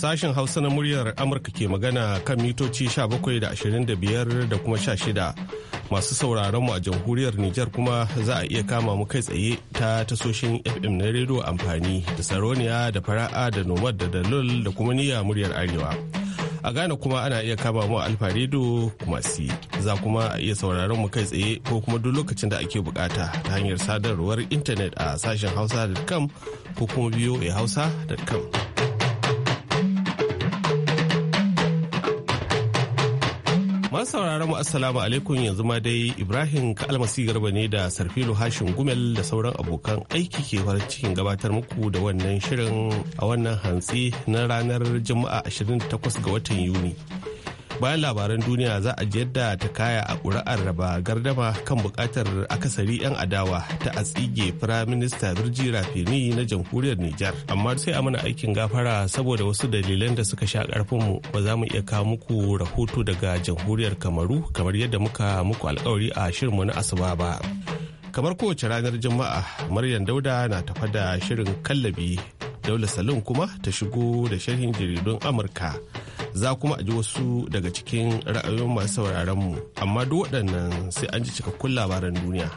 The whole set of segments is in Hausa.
Sashen Hausa na muryar Amurka ke magana kan mitoci 17 da 25 da kuma 16. Masu sauraron mu a jamhuriyar Nijar kuma za a iya kama mu kai tsaye ta tasoshin FM na rediyo amfani da Saroniya da Fara'a da Nomad da Dalol da kuma niyya muryar Arewa. A Ghana kuma ana iya kama mu Alfa Radio kuma si. Za kuma a iya sauraron mu kai tsaye ko kuma duk lokacin da ake bukata ta hanyar sadarwar intanet a sashen hausa.com ko kuma voahausa.com. hausa.com. Masu sauraron mu assalamu alaikum yanzu ma dai Ibrahim ka almasi Garba ne da Sarfilo Hashin Gumel da sauran abokan aiki ke farin cikin gabatar muku da wannan shirin a wannan hantsi na ranar Juma'a 28 ga watan Yuni. bayan labaran duniya za a ji da ta kaya a ƙuri'ar raba gardama kan buƙatar akasari 'yan adawa ta a tsige firaminista birji rafini na jamhuriyar nijar amma sai a mana aikin gafara saboda wasu dalilan da suka sha ƙarfinmu ba za mu iya kawo muku rahoto daga jamhuriyar kamaru kamar yadda muka muku alkawari a shirinmu na asuba ba kamar kowace ranar juma'a maryam dauda na tafa da shirin kallabi daula salon kuma ta shigo da sharhin jaridun amurka za kuma a ji wasu daga cikin ra'ayoyin masu sauraron mu amma duk waɗannan sai an ji cikakkun labaran duniya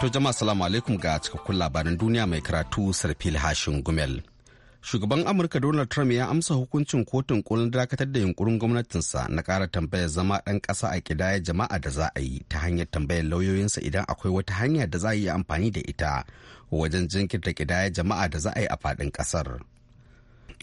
to jama'a assalamu alaikum ga cikakkun labaran duniya mai karatu sarfil hashin gumel shugaban amurka donald trump ya amsa hukuncin kotun kolin dakatar da yunkurin gwamnatinsa na kara tambayar zama ɗan ƙasa a kidaya jama'a da za a yi ta hanyar tambayar lauyoyinsa idan akwai wata hanya da za a yi amfani da ita wajen jinkirta kidaya jama'a da za a yi a faɗin ƙasar.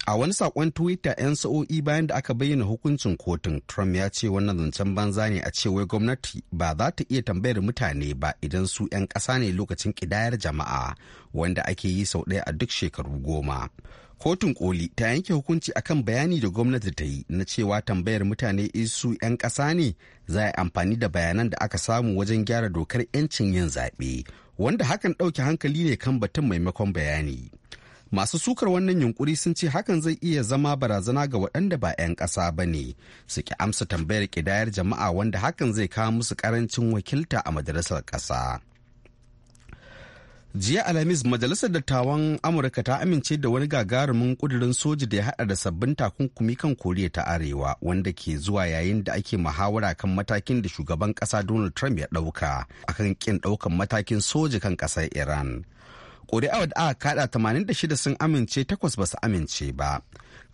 A wani saƙon Twitter 'yan sa'o'i bayan da aka bayyana hukuncin kotun, Trump ya ce wannan zancen banza ne a cewar gwamnati ba za ta iya tambayar mutane ba idan su 'yan ƙasa ne lokacin kidayar jama'a wanda ake yi sau ɗaya a duk shekaru goma. Kotun koli ta yanke hukunci akan bayani da gwamnati ta yi na cewa tambayar mutane isu 'yan ƙasa ne za a amfani da bayanan da aka samu wajen gyara dokar 'yancin yin zaɓe wanda hakan ɗauke hankali ne kan batun maimakon bayani. Masu sukar wannan yunkuri sun ce hakan zai iya zama barazana ga waɗanda ba 'yan ƙasa ba ne su ki amsa tambayar ƙidayar jama'a wanda hakan zai kawo musu ƙarancin wakilta a majalisar ƙasa. jiya alhamis majalisar dattawan amurka ta amince da wani gagarumin kudirin soji da ya hada da sabbin takunkumi kan koriya ta arewa wanda ke zuwa yayin da ake muhawara kan matakin da shugaban kasa donald trump ya dauka akan kin daukan matakin soji kan kasar iran kuri'a da aka kada 86 sun amince takwas ba su amince ba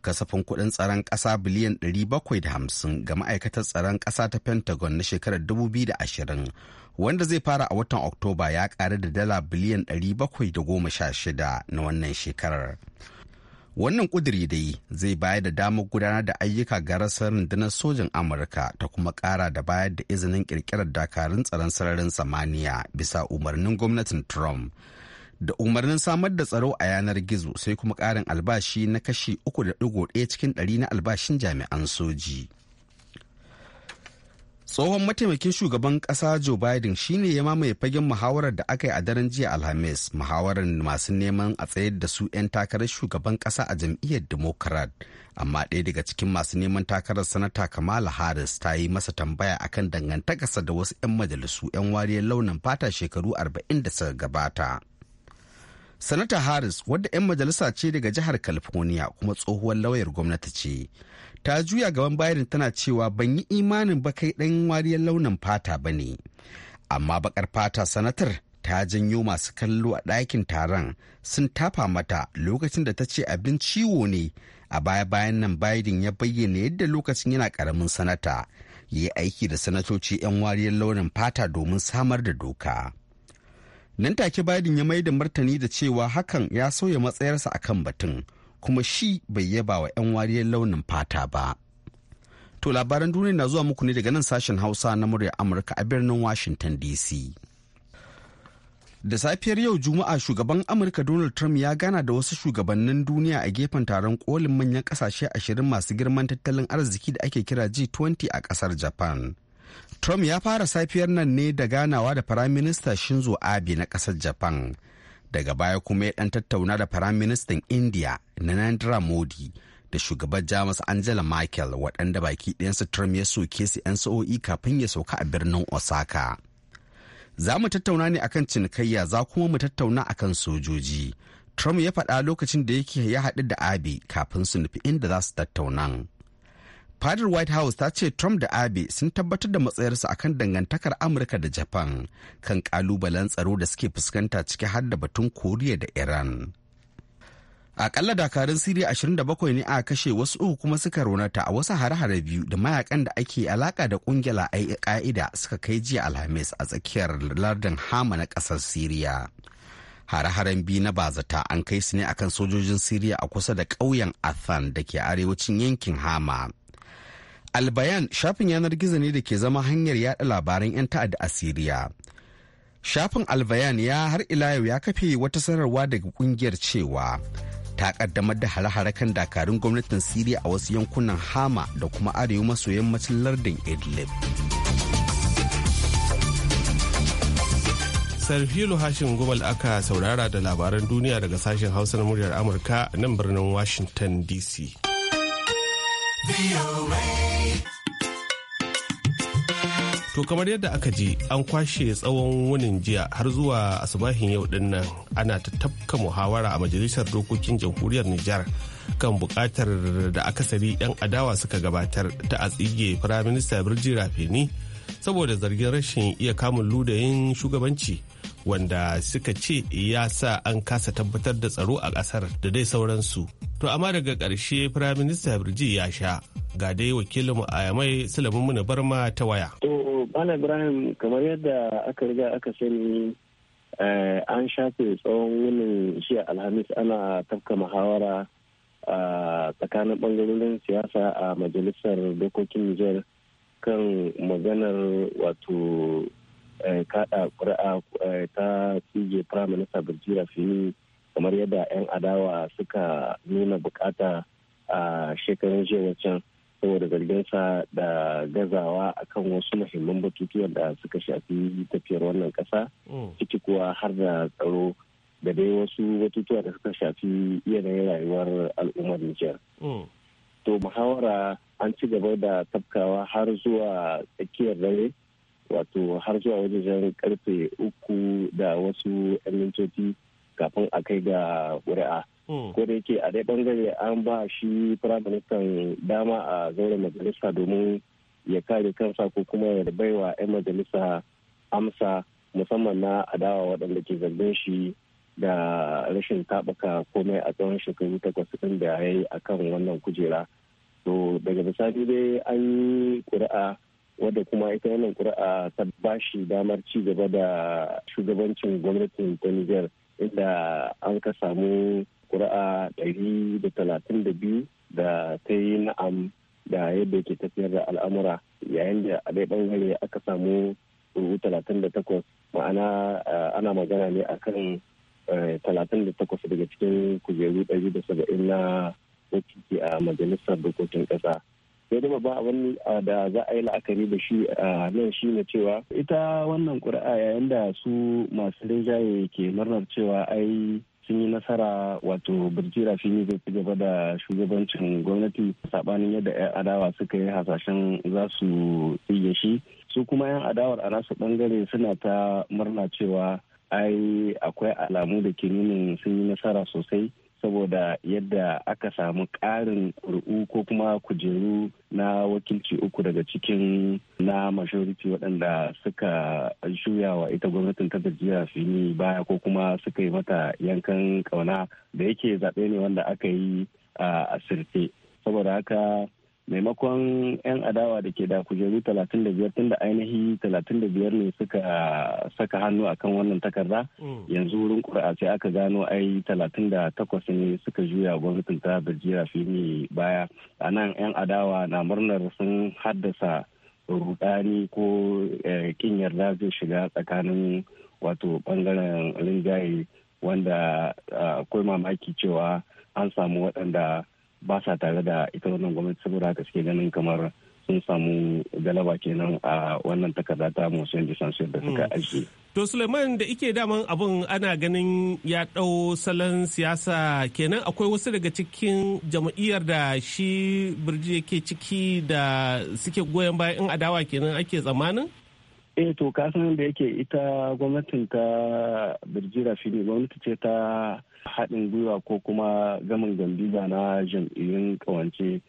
kasafin kuɗin tsaron ƙasa biliyan 750 ga ma'aikatar tsaron ƙasa ta pentagon na shekarar 2020 wanda zai fara a watan oktoba ya ƙaru da dala biliyan 716 na wannan shekarar wannan ƙudiri dai zai bayar da damar gudanar da ayyuka ga rasar rundunar sojin amurka ta kuma ƙara da bayar da izinin ƙirƙirar dakarun tsaron sararin samaniya bisa umarnin gwamnatin trump da umarnin samar da tsaro a yanar gizo sai kuma ƙarin albashi na kashi 3.1 cikin 100 na albashin jami'an soji. tsohon mataimakin shugaban ƙasa joe biden shine ya mamaye fagen muhawarar da aka yi a daren jiya alhamis muhawarar masu neman a tsayar da su 'yan takarar shugaban ƙasa a jam'iyyar democrat amma ɗaya daga cikin masu neman takarar sanata kamala harris ta yi masa tambaya akan dangantakarsa da wasu 'yan majalisu 'yan wariyar launin fata shekaru 40 da suka gabata Sanata Harris wadda 'yan majalisa ce daga jihar California kuma tsohuwar lauyar gwamnati ce. Ta juya gaban Biden tana cewa ban yi imanin ba kai ɗan wariyar launin fata ba ne. Amma bakar fata sanatar ta janyo masu kallo a ɗakin taron sun tafa mata lokacin da ta ce abin ciwo ne a baya-bayan nan Biden ya bayyana yadda lokacin yana ƙaramin sanata ya yi aiki da sanatoci 'yan wariyar launin fata domin samar da doka. nan take biden ya mai da martani da cewa hakan ya sauya matsayarsa akan batun kuma shi bai yaba wa 'yan wariyar launin fata ba to labaran duniya na zuwa muku ne daga nan sashen hausa na murya amurka a birnin washington dc da safiyar yau juma'a shugaban amurka donald trump ya gana da wasu shugabannin duniya a gefen taron kolin manyan kasashe ashirin masu girman tattalin arziki da ake kira g20 a kasar japan Trump ya fara safiyar nan ne da ganawa da Firaminista Shinzo Abe na ƙasar Japan. Daga baya kuma ya ɗan tattauna da Firaministan India Narendra Modi da shugaban Jamus Angela Merkel waɗanda baki ɗayansu Trump ya soke su 'yan sa'o'i kafin ya sauka a birnin Osaka. Za mu tattauna ne akan cinikayya za kuma mu tattauna akan sojoji. Trump ya faɗa lokacin da yake ya haɗu da Abe kafin su nufi inda za su tattauna. fadar white house ta ce trump da abe sun tabbatar da matsayarsu akan dangantakar amurka da japan kan kalubalen tsaro da suke fuskanta ciki har da batun koriya da iran akalla dakarun siriya 27 ne a kashe wasu uku kuma suka raunata a wasu hare-hare biyu da mayakan da ake alaka da kungiyar ka'ida suka kai jiya alhamis a tsakiyar lardin hama na kasar siriya hare-haren biyu na bazata an kai su ne akan sojojin siriya a kusa da ƙauyen athan da ke arewacin yankin hama albayan shafin yanar gizo ne da ke zama hanyar yada labaran 'yan ta'adda a siriya shafin albayan ya har ila yau ya kafe wata sanarwa daga kungiyar cewa ta kaddamar da hare-hare kan dakarun gwamnatin siriya a wasu yankunan hama da kuma arewa maso yammacin lardin idlib Sarfilu hashin gubal aka saurara da labaran duniya daga sashen hausa na muryar amurka nan birnin washington dc To kamar yadda aka ji an kwashe tsawon wunin jiya har zuwa asubahin yau din nan ana ta tafka muhawara a majalisar dokokin jamhuriyar Nijar kan bukatar da akasari 'yan adawa suka gabatar ta a tsige Firaminista Birji Rafini saboda zargin rashin iya kamun ludayin shugabanci wanda suka ce ya sa an kasa tabbatar da tsaro a ƙasar da dai sauransu. To amma daga ƙarshe Firaminista Birji ya sha ga dai wakilinmu a yamai Sulaiman Barma ta waya. To Bala Ibrahim kamar yadda aka riga aka sani eh, an shafe tsawon wunin shi Alhamis ana tafka muhawara a tsakanin bangarorin siyasa a majalisar dokokin Nijar kan maganar wato Eh, kada kuri'a eh, ta tsige prime minister birjira fini kamar yadda 'yan adawa suka nuna bukata a shekarun jiya can saboda sa da gazawa akan wasu muhimman batutuwan da suka shafi tafiyar wannan kasa mm. ciki kuwa har da tsaro da dai wasu batutuwa da suka shafi yanayin rayuwar al'ummar Nijar. Mm. To muhawara an ci gaba da tafkawa har zuwa tsakiyar dare wato har zuwa wajen karfe uku da wasu 'yan mintoci kafin a kai ga ƙuri'a. Hmm. ko da yake a dai bangare an ba shi firaministan dama a zaure majalisa domin ya kare kansa ko kuma ya baiwa 'yan majalisa amsa musamman na adawa waɗanda ke zargin shi da rashin taɓaka komai a tsawon shekaru takwas ɗin da ya yi a kan wannan kujera to daga bisani dai an yi ƙuri'a wadda kuma ita wannan ƙuri'a ta ba shi damar ci gaba da shugabancin gwamnatin ta Nijar inda an ka samu ƙuri'a ɗari da talatin da biyu da ta yi na'am da yadda ke tafiyar da al'amura yayin da a ɗaya ɓangare aka samu ƙuri'u talatin da takwas ma'ana eh, ana magana ne akan eh, talatin da takwas daga cikin kujeru ɗari da saba'in na wakili a majalisar dokokin ƙasa. sai da babban abin da za a yi la'akari da shi a nan shi ne cewa ita wannan ƙuri'a yayin da su masu rinjaye ke murnar cewa ai sun yi nasara wato birji rafini zai ci gaba da shugabancin gwamnati saɓanin yadda 'yan adawa suka yi hasashen za su tsige shi su kuma 'yan adawar a nasu bangare suna ta murna cewa ai akwai alamu da ke nuna sun yi nasara sosai saboda yadda aka samu ƙarin ru'u ko kuma kujeru na wakilci uku daga cikin na majority waɗanda suka shuya wa ita gwamnatin ta jiya yi baya ko kuma suka yi mata yankan ƙauna da yake zaɓe ne wanda aka yi a sirte saboda haka maimakon 'yan adawa da ke da kujeru 35 tunda ainihi 35 ne suka saka hannu akan wannan takarda mm. yanzu wurin ƙuri'a sai aka gano ai 38 ne suka juya gwamnatin ta birjira fini baya a nan 'yan adawa na murnar sun haddasa rudani ko kin eh, yarda zai shiga tsakanin wato bangaren rinjaye wanda ah, akwai mamaki cewa an samu waɗanda ba sa tare da ita wannan gwamnati saboda haka suke ganin kamar sun samu galaba kenan a wannan takarda ta motion de da suka hmm. aiki. To Suleiman da ike daman abun ana ganin ya ɗau salon siyasa kenan akwai wasu daga cikin jam'iyyar da shi birji yake ciki da suke goyon bayan in adawa kenan ake tsammanin? E, to kasan da yake ita gwamnatin ta birji rafi ne gwamnati ce ta haɗin gwiwa ko kuma gamin gambiza na jam'iyyun kawance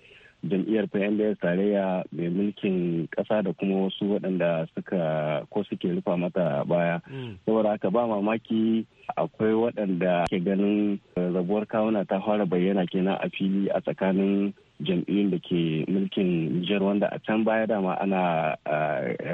jam'iyyar pnds tarayya mai mulkin ƙasa da kuma wasu waɗanda suka ko suke rufa mata baya mm. saboda haka ba mamaki akwai waɗanda ke ganin eh, rabuwar kawuna ta fara bayyana kenan a fili a tsakanin jam'iyyun da ke mulkin Nijar wanda a can baya dama ana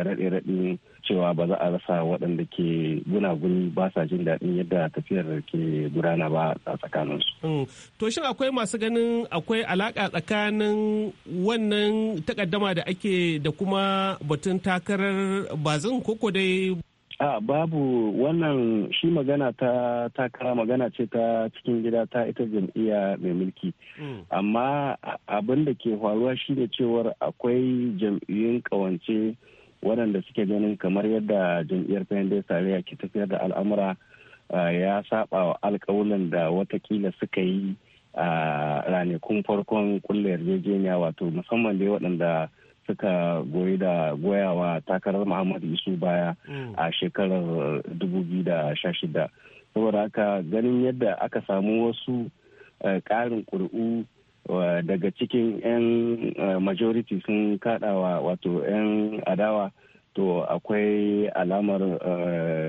raɗe-raɗin cewa ba za a rasa waɗanda ke gunaguni ba sa jin daɗin yadda tafiyar ke gudana ba a tsakaninsu. Hmm. To shin akwai masu ganin akwai alaƙa tsakanin wannan takaddama da ake da kuma batun takarar bazin koko dai a babu wannan shi magana ta takara magana ce ta cikin gida ta ita jam'iyya mai mulki hmm. amma abin da ke faruwa shine cewar akwai jam'iyyun kawance waɗanda suke ganin kamar yadda jam'iyyar pendes Sariya ke tafiyar da al'amura ya saba wa alkawulan da watakila suka yi a ranakun farkon kulle yarjejeniya wato musamman dai waɗanda suka goyi da goyawa takarar muhammadu isu baya mm. a shekarar 2016 uh, saboda haka ganin yadda aka samu wasu uh, ƙarin ƙuri'u uh, daga cikin 'yan majority sun kaɗawa wato 'yan adawa to akwai alamar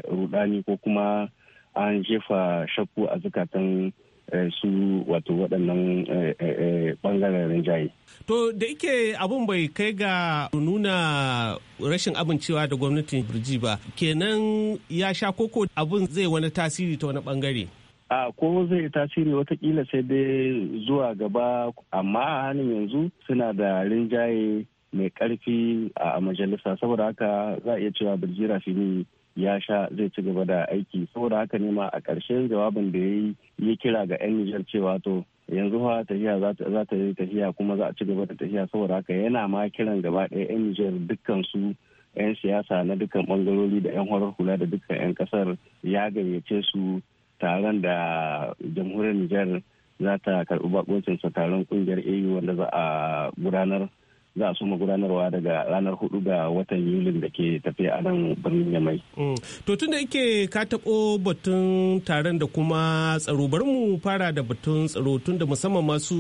rudani ko kuma an jefa shakku a zukatan Eh, su wato waɗannan eh, eh, ɓangaren rinjaye. To da ike abun bai kai ga nuna rashin amincewa da gwamnatin birji ba kenan ya sha koko abun zai wani tasiri ta wani ɓangare. a ko zai yi tasiri watakila sai dai zuwa gaba amma a hannun yanzu suna da rinjaye mai ƙarfi a majalisa saboda haka za a iya cewa birjira fini ya sha zai ci gaba da aiki saboda haka ne ma a ƙarshen jawabin da ya yi ya kira ga 'yan nijar cewa to yanzu fa tafiya za ta yi tafiya kuma za a ci gaba da tafiya saboda haka yana ma kiran gaba ɗaya 'yan nijar dukkan su 'yan siyasa na dukkan bangarori da 'yan horar hula da dukkan 'yan kasar ya gayyace su taron da jamhuriyar nijar za ta karɓi bakoncinsa taron ƙungiyar au wanda za a gudanar za su magudanarwa daga ranar hudu ga watan yulin da ke tafiya a nan birnin yamai. Mm. to tun da yake ka taɓo batun taron da kuma tsaro bari mu fara da batun tsaro tun da musamman masu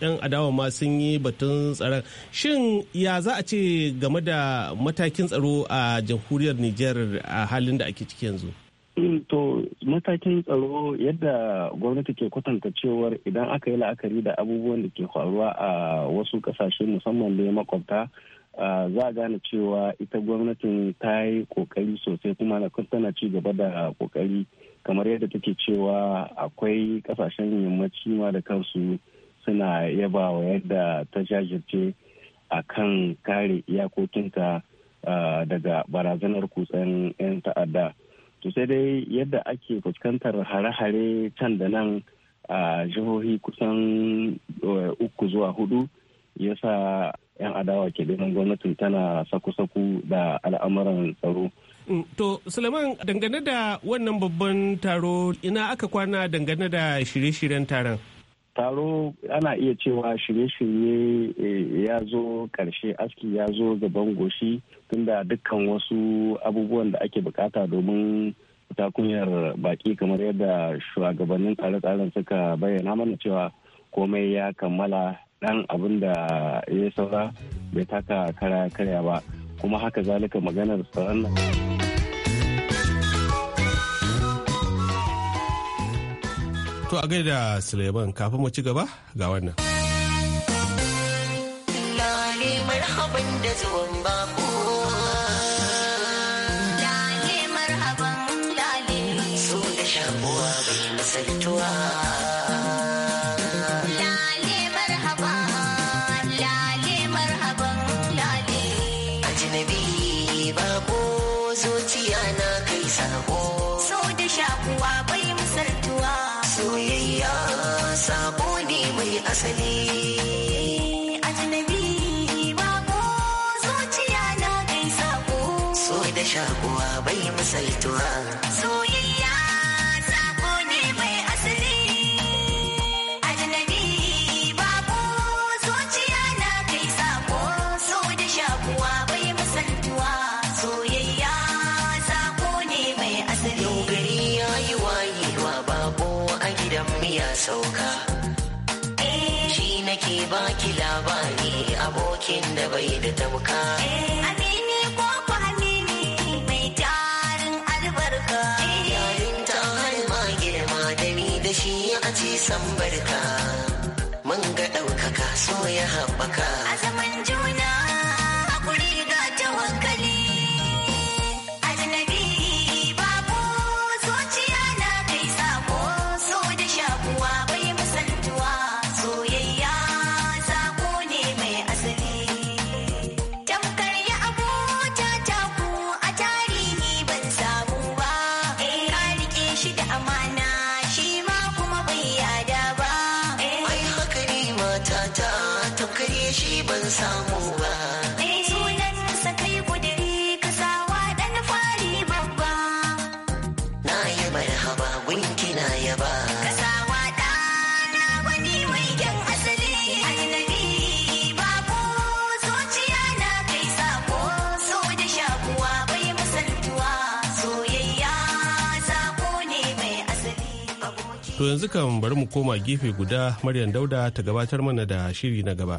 'yan adawa ma sun yi batun tsaron shin ya za a ce game da matakin tsaro a jamhuriyar niger a halin da ake ciki yanzu Mm, to matakin tsaro yadda gwamnati ke kwatanta cewar idan aka yi la'akari da abubuwan da ke faruwa a wasu kasashe musamman da makwabta za a gane cewa ita gwamnatin ta yi kokari sosai kuma na tana ci gaba da kokari kamar yadda take cewa akwai kasashen yammaci ma da kansu suna yaba wa yadda ta jajirce a kan kare iyakokinta daga barazanar kutsen 'yan ta'adda. to sai dai yadda ake fuskantar hare-hare can da nan a jihohi kusan eh, uku zuwa hudu ya sa 'yan adawa ke ganin gwamnatin tana saku-saku da al'amuran tsaro mm, To, Suleiman dangane da wannan babban taro ina aka kwana dangane da shirye-shiryen taron? taro ana iya cewa shirye-shirye eh, ya zo karshe aski ya zo gaban goshi tunda dukkan wasu abubuwan da ake bukata domin takunyar baki kamar yadda shugabannin tsare-tsaren suka bayyana mana cewa komai ya kammala dan abin da ya saura bai taka kara karya ba kuma haka zalika maganar tsaron nan To a gaida Suleiman kafin mu ci gaba ga wannan. Lali marhaban da zuwan bako. sauka eh, shi nake baki labari abokin da bai da tamka eh, amini ko ku amini mai tarin albarka eh, yayin ta har ma girma da ni da shi a ci sambarka. mun ga ɗaukaka so ya haɓaka samu ba eh, sunan sa kai kudiri ka sawa dan fari babba na yi marhaba gunki na yaba ka sawa dana wani mai kyan asali annabi babo zuciya na kai sako so da shakuwa bai musaltuwa soyayya sako ne mai asali to yanzu kan bari mu koma gefe guda Maryam Dauda ta gabatar mana da shiri na gaba.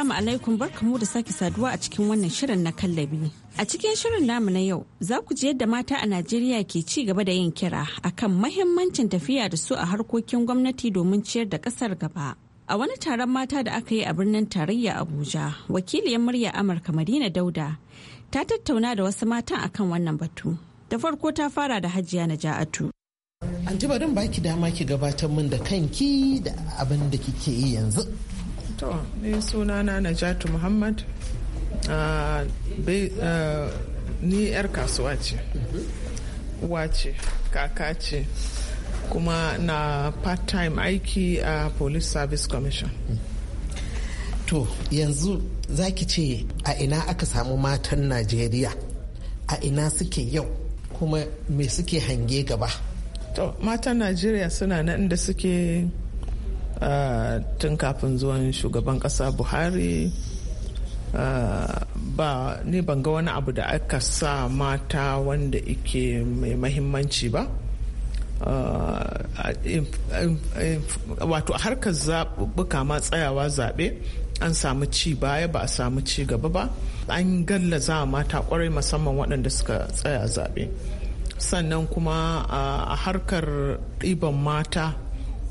Assalamu alaikum barkamu da sake saduwa a cikin wannan shirin na kallabi. A cikin shirin namu na yau za ku ji yadda mata a Najeriya ke ci gaba da yin kira akan mahimmancin tafiya da su a harkokin gwamnati domin ciyar da ƙasar gaba. A wani taron mata da aka yi a birnin tarayya Abuja, wakiliyar murya Amurka Madina Dauda ta tattauna da wasu matan akan wannan batu. Da farko ta fara da Hajiya Naja'atu. An ji baki dama ki gabatar min da kanki da abin da kike yi yanzu. to mm. ni suna na najatu muhammad ah, ah, ni yar kasuwa ce mm-hmm. wace kaka ce kuma na part-time aiki a uh, police service commission mm. to yanzu za ki ce a ina aka samu matan najeriya a ina suke yau kuma me suke hange gaba to matan najeriya suna nan da suke Eh, tun kafin zuwan shugaban kasa buhari eh, ba ni ban ga wani abu da aka sa mata wanda ike mai mahimmanci ba eh, wato harkar zaɓuɓɓuka ma tsayawa zaɓe an samu ci baya ba a samu ci gaba ba an gallaza mata kwarai musamman waɗanda suka tsaya zaɓe sannan kuma a harkar ɗiban mata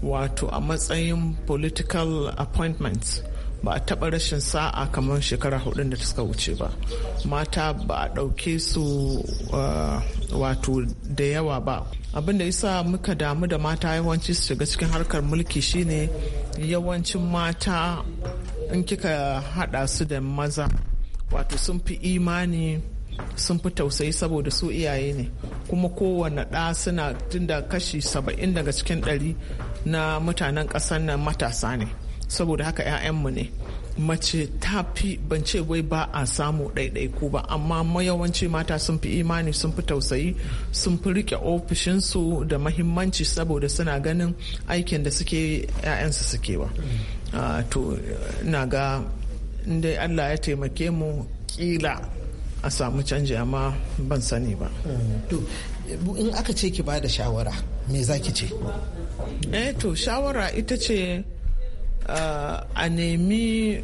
wato a matsayin political appointments ba a taɓa rashin sa'a kamar shekara hudun da suka wuce ba mata ba a ɗauke su eh, wato da yawa ba abin da yasa muka damu da mata yawanci su shiga cikin harkar mulki shine yawancin mata in kika haɗa su da maza wato sun fi imani sun fi tausayi saboda su iyaye ne kuma kowane ɗa suna tunda kashi saba'in daga cikin ɗari na mutanen ƙasar nan matasa ne saboda haka 'ya'yanmu ne mace ta fi ban ce wai ba a samu ɗaiɗaiku ba amma mayawanci mata sun fi imani sun fi tausayi sun fi rike ofishinsu da mahimmanci saboda suna ganin aikin da suke 'ya'yansu suke ba ah, to na ga inda allah ya taimake mu kila a samu canji amma ban sani ba in aka ce ki ba da shawara me za ki ce eh to shawara ita ce uh, a nemi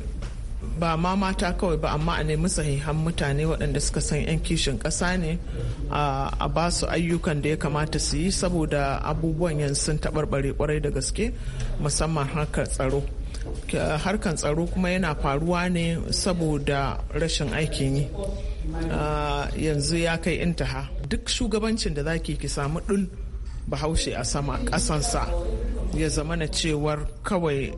ba ma mata kawai ba amma a nemi sahihan mutane waɗanda suka san 'yan kishin ƙasa ne a ba su ayyukan da ya kamata su yi saboda abubuwan yanzu sun taɓarɓare ƙwarai da gaske musamman harkar tsaro harkan tsaro kuma yana faruwa ne saboda rashin aikin yi uh, yanzu ya kai intaha duk shugabancin da za ki samu ɗul bahaushe a sama kasansa ya zama na cewar kawai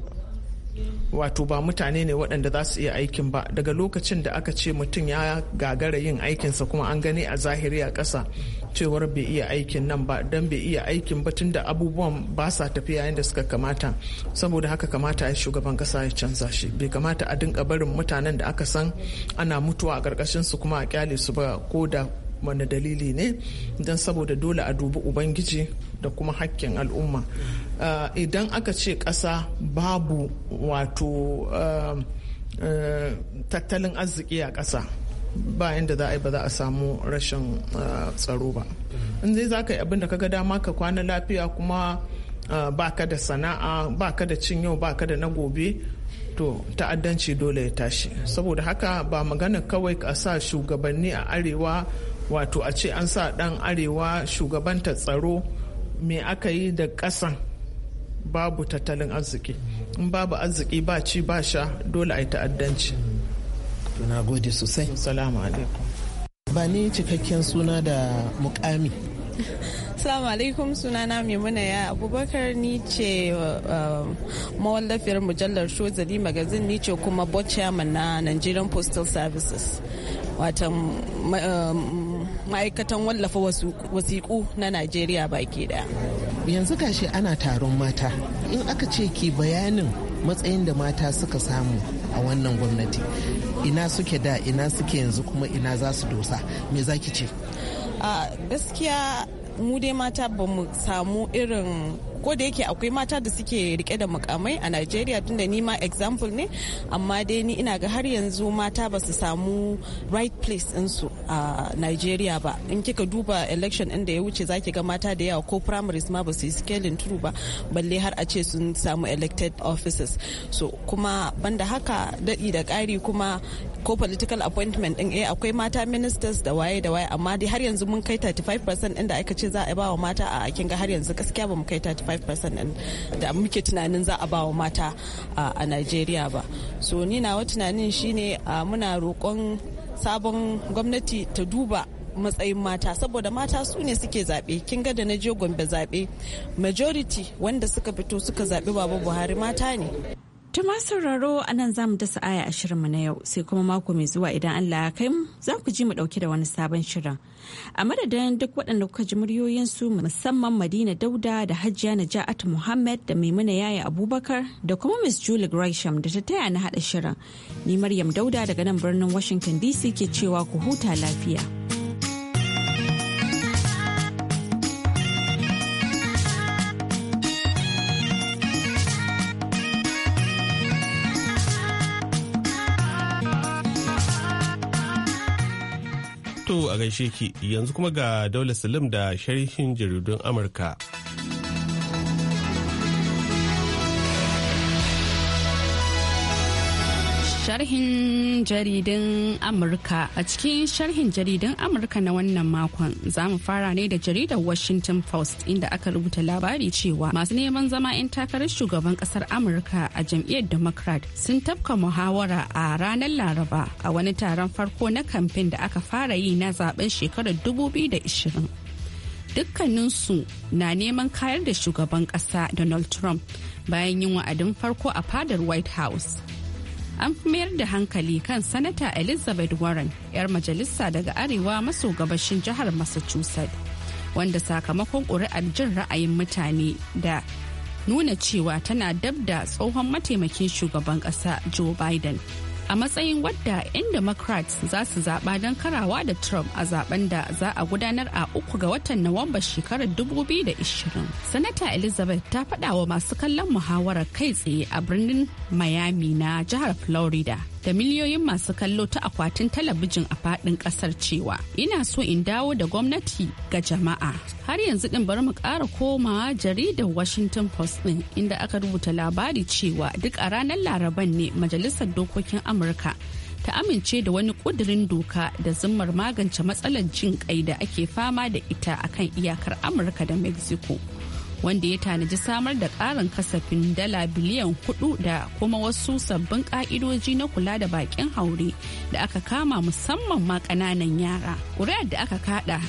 wato ba mutane ne waɗanda za su iya aikin ba daga lokacin da aka ce mutum ya gagara yin aikinsa kuma an gani a zahiri a ƙasa cewar bai iya aikin nan ba don bai iya aikin ba tun da abubuwan ba sa tafiya yadda suka kamata saboda haka kamata ya shugaban kasa ya canza shi bai kamata a dinka barin mutanen da aka san ana mutuwa a ƙarƙashin su kuma a kyale su ba ko da wani dalili ne don saboda dole a dubi ubangiji da kuma hakkin al'umma eh, idan aka ce ƙasa babu wato eh, eh, tattalin arziki a ƙasa ba da za a yi ba za a samu rashin tsaro ba in zai za ka yi abin da kaga dama ka kwana lafiya kuma ba ka da sana'a ba ka da cin yau ba ka da na gobe to ta'addanci dole ya tashi saboda haka ba magana kawai ka sa shugabanni a arewa wato a ce an sa dan arewa shugabanta tsaro me aka yi da kasan babu tattalin arziki in babu arziki ba ci ba sha dole a yi ta'addanci na gode sosai salamu alaikum ba ni cikakken suna da mukami salamu alaikum na Maimuna ya Abubakar ni ce um, mawallafiyar mujallar Shozali magazin ni ce kuma board chairman na Nigerian Postal Services. Watan um, ma'aikatan wallafa wasiƙu na najeriya baki daya yanzu gashi ana taron mata in aka ce ki bayanin matsayin da mata suka samu a wannan gwamnati ina suke da ina suke yanzu kuma ina za su dosa me za ki ce gaskiya mu dai mata ba mu samu irin ko da yake akwai mata da suke rike da mukamai a Najeriya tunda ni ma example ne amma dai ni ina ga har yanzu mata ba su samu right place su a Najeriya ba in kika duba election din da ya wuce zaki ga mata da yawa ko primaries ma ba su yi scaling through ba balle har a ce sun samu elected offices so kuma banda haka daɗi da ƙari kuma ko political appointment din eh akwai mata ministers da waye da waye amma dai har yanzu mun kai 35% inda aka ce za a ba wa mata a kin ga har yanzu gaskiya ba mu kai 35 75% da muke tunanin za a ba wa mata a Najeriya ba. So ni na tunanin shine muna roƙon sabon gwamnati ta duba matsayin mata saboda mata su ne suke zaɓe kin ga da na je gombe zaɓe majority wanda suka fito suka zaɓi baba buhari mata ne Tuma sauraro a nan za mu dasa aya ashirin mu na yau sai kuma mako mai zuwa idan Allah ya kai mu za ku ji mu ɗauki da wani sabon shirin. A madadin duk waɗanda kuka ji muryoyinsu musamman Madina Dauda da Hajiya Naja'atu Muhammad da Maimuna Yaya Abubakar da kuma Miss Julie Gresham da ta taya na haɗa shirin. Ni Maryam Dauda daga nan birnin Washington DC ke cewa ku huta lafiya. gaishe ki yanzu kuma ga Daula Salim da sharhin jaridun Amurka. sharhin jaridun Amurka. A cikin sharhin jaridun Amurka na wannan makon za mu fara ne da jaridar Washington Post inda aka rubuta labari cewa masu neman zama 'yan takarar shugaban kasar Amurka a jam'iyyar Democrat sun tafka muhawara a ranar Laraba a wani taron farko na kamfen da aka fara yi na zaben shekarar 2020. Dukkaninsu na neman kayar da shugaban kasa Donald Trump bayan yin wa'adin farko a fadar White House. an fi mayar da hankali kan sanata elizabeth warren 'yar majalisa daga arewa maso gabashin jihar massachusetts wanda sakamakon ƙuri'ar jin ra'ayin mutane da nuna cewa tana dab da tsohon mataimakin shugaban ƙasa joe biden a matsayin wadda 'yan democrats za su zaɓa don karawa da trump a zaben da za a gudanar a uku ga watan nuwamba shekarar 2020 sanata elizabeth ta faɗa wa masu kallon muhawarar kai tsaye a birnin miami na jihar florida da miliyoyin masu kallo ta akwatin talabijin a faɗin ƙasar cewa ina so in dawo da gwamnati ga jama'a. Har yanzu in bari mu ƙara komawa jaridar Washington Post ɗin inda aka rubuta labari cewa duk a ranar Laraban ne Majalisar Dokokin Amurka ta amince da wani kudirin doka da zimmar magance matsalar jin kai da ake fama da ita akan iyakar amurka da mexico wanda ya tanaji samar da ƙarin kasafin dala biliyan hudu da kuma wasu sabbin ƙa'idoji na kula da baƙin haure da aka kama musamman ma ƙananan yara. Ƙuri'ar da aka kada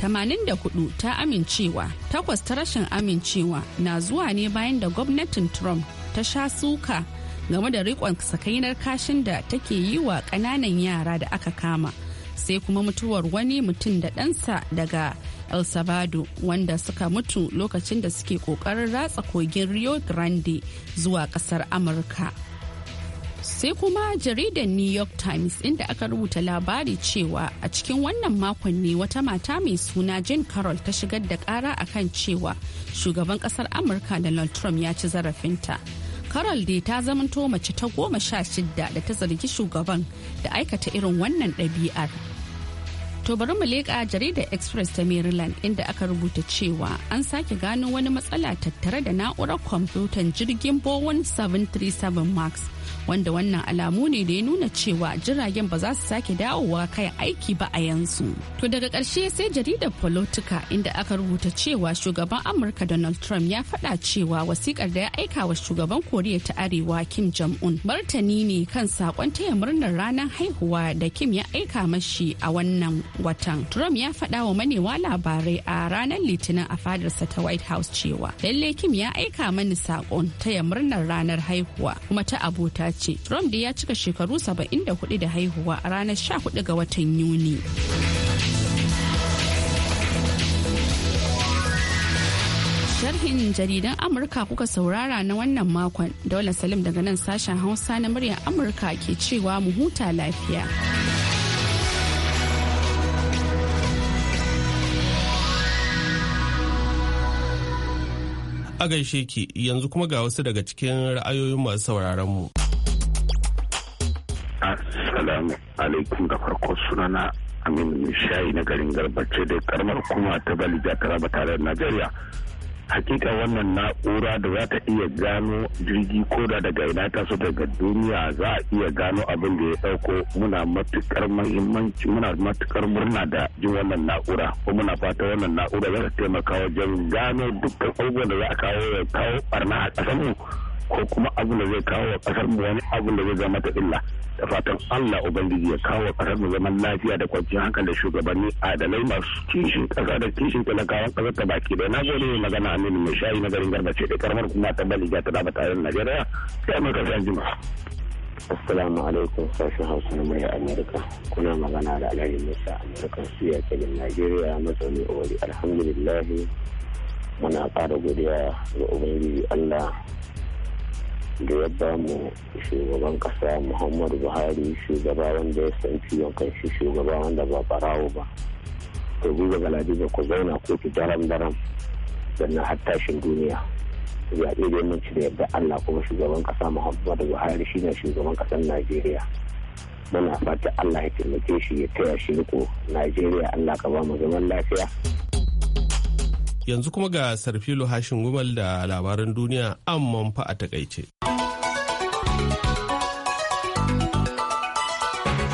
84 ta amincewa, takwas ta rashin amincewa na zuwa ne bayan da gwamnatin Trump ta sha suka game da riƙon sakainar kashin da take yi wa ƙananan yara da aka kama. sai kuma mutuwar wani mutum da ɗansa daga el salvador wanda suka mutu lokacin da suke ƙoƙarin ratsa kogin rio grande zuwa ƙasar amurka sai kuma jaridar new york times inda aka rubuta labari cewa a cikin wannan makon ne wata mata mai suna jane carroll ta shigar da kara akan cewa shugaban kasar amurka donald trump ya ci zarafinta Carol dai ta zamanto mace ta goma sha shidda da ta zargi shugaban da aikata irin wannan ɗabi'ar. To bari mu leƙa jaridar Express ta Maryland inda aka rubuta cewa an sake gano wani matsala tattare da na'urar kwamfutan jirgin Bowen 737 Max wanda wannan alamu ne da ya nuna cewa jiragen ba za su sake dawowa kai aiki ba a yanzu. To daga ƙarshe sai jaridar Politica inda aka rubuta cewa shugaban Amurka Donald Trump ya faɗa cewa wasikar da ya aika wa shugaban Koriya ta Arewa Kim Jong-un martani ne kan saƙon taya murnar ranar haihuwa da Kim ya aika mashi a wannan watan. Trump ya faɗa wa manewa labarai a ranar Litinin a fadarsa ta White House cewa lalle Kim ya aika mani saƙon taya murnar ranar haihuwa kuma ta abota ce. Trump da ya cika shekaru 74 da da haihuwa a ranar 14 ga watan Yuni. sharhin jaridan amurka kuka saurara na wannan makon dole salim daga nan sashen hausa na muryar amurka ke cewa mu huta lafiya. A gaishe ki yanzu kuma ga wasu daga cikin ra'ayoyin masu sauraron mu. Assalamu alaikum da farko sunana Aminu Shayi na garin Garbace da karamar kuma ta ta raba tare da Najeriya. hakika wannan na'ura da za ta iya gano jirgi ko da daga ina ta so daga duniya za a iya gano abin da ya dauko muna matukar muhimmanci muna matukar murna da jin wannan na'ura ko muna fata wannan na'ura za ta taimaka wajen gano dukkan abubuwan da za a kawo ya kawo barna a kasar mu ko kuma abu da zai kawo wa kasar mu wani abu da zai zama ta illa da fatan Allah ubangiji ya kawo kasar mu zaman lafiya da kwanciyar hankali da shugabanni adalai masu kishin kasa da kishin talakawan kasar ta baki da na gode yi magana Aminu mai shayi na garin ce da karamar kuma ta Bali ta da tarayyar Najeriya sai mu kasance jima Assalamu alaikum sashen Hausa na murya Amerika kuna magana da Alhaji Musa Amurka suya cikin Najeriya matsayin wani alhamdulillahi muna kara godiya ga Ubangiji Allah da ya ba mu shugaban kasa muhammadu buhari shugaba wanda ya san ciwon kanshi shugaba wanda ba barawo ba to galadi da ku zauna ko kotu daram daram da na hattashin duniya zaɓe da da yadda allah kuma shugaban kasa muhammadu buhari shi ne shugaban kasar najeriya muna fata allah ya taimake shi ya taya shi riko najeriya allah ka ba mu zaman lafiya yanzu kuma ga sarfilo hashin gumal da labaran duniya amman fa a takaice.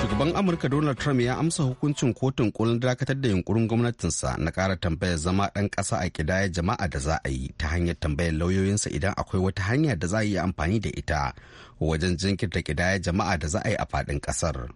shugaban amurka donald trump ya amsa hukuncin kotun kolin dakatar da yunkurin gwamnatinsa na kara tambayar zama ɗan ƙasa a kidaya jama'a da za a yi ta hanyar tambayar lauyoyinsa idan akwai wata hanya da za a yi amfani da ita wajen jinkirta kidayar jama'a da za a yi a faɗin ƙasar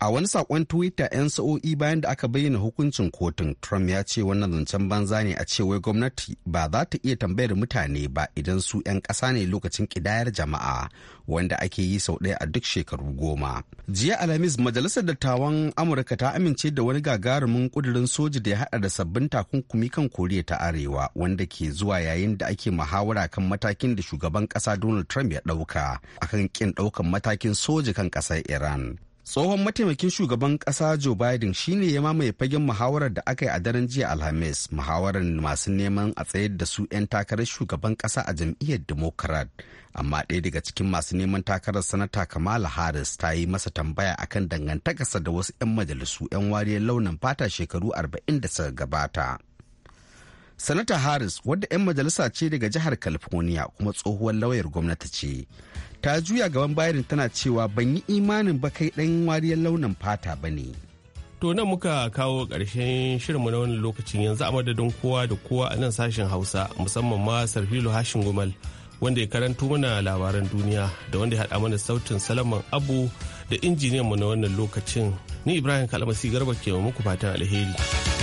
A wani sakon Twitter 'yan sa'o'i bayan da aka bayyana hukuncin kotun, Trump ya ce wannan zancen banza ne a cewar gwamnati ba za ta iya tambayar mutane ba idan su 'yan ƙasa ne lokacin ƙidayar jama'a wanda ake yi sau ɗaya a duk shekaru goma. Jiya Alhamis Majalisar Dattawan Amurka ta amince da wani gagarumin ƙudurin soji da ya haɗa da sabbin takunkumi kan Koriya ta Arewa wanda ke zuwa yayin da ake muhawara kan matakin da shugaban ƙasa Donald Trump ya ɗauka akan ƙin ɗaukan matakin soji kan ƙasar Iran. tsohon mataimakin shugaban kasa joe biden shine ya mamaye fagen muhawarar da aka yi a daren jiya alhamis muhawarar masu neman a tsayar da su 'yan takarar shugaban kasa a jam'iyyar democrat amma ɗaya daga cikin masu neman takarar sanata kamala harris ta yi masa tambaya a kan dangantakarsa da wasu 'yan majalisu 'yan wariyar launin fata shekaru 40 da suka gabata Sanata Harris wadda 'yan majalisa ce daga jihar California kuma tsohuwar lauyar gwamnati ce. Ta juya gaban Biden tana cewa ban yi imanin ba kai ɗan wariyar launin fata ba ne. To nan muka kawo ƙarshen shirinmu na wani lokacin yanzu a madadin kowa da kowa a nan sashen Hausa musamman ma Sarfilo Hashin Gumal wanda ya karanto mana labaran duniya da wanda ya haɗa mana sautin Salaman Abu da injiniyanmu na wannan lokacin. Ni Ibrahim Kalmasi Garba ke muku fatan alheri.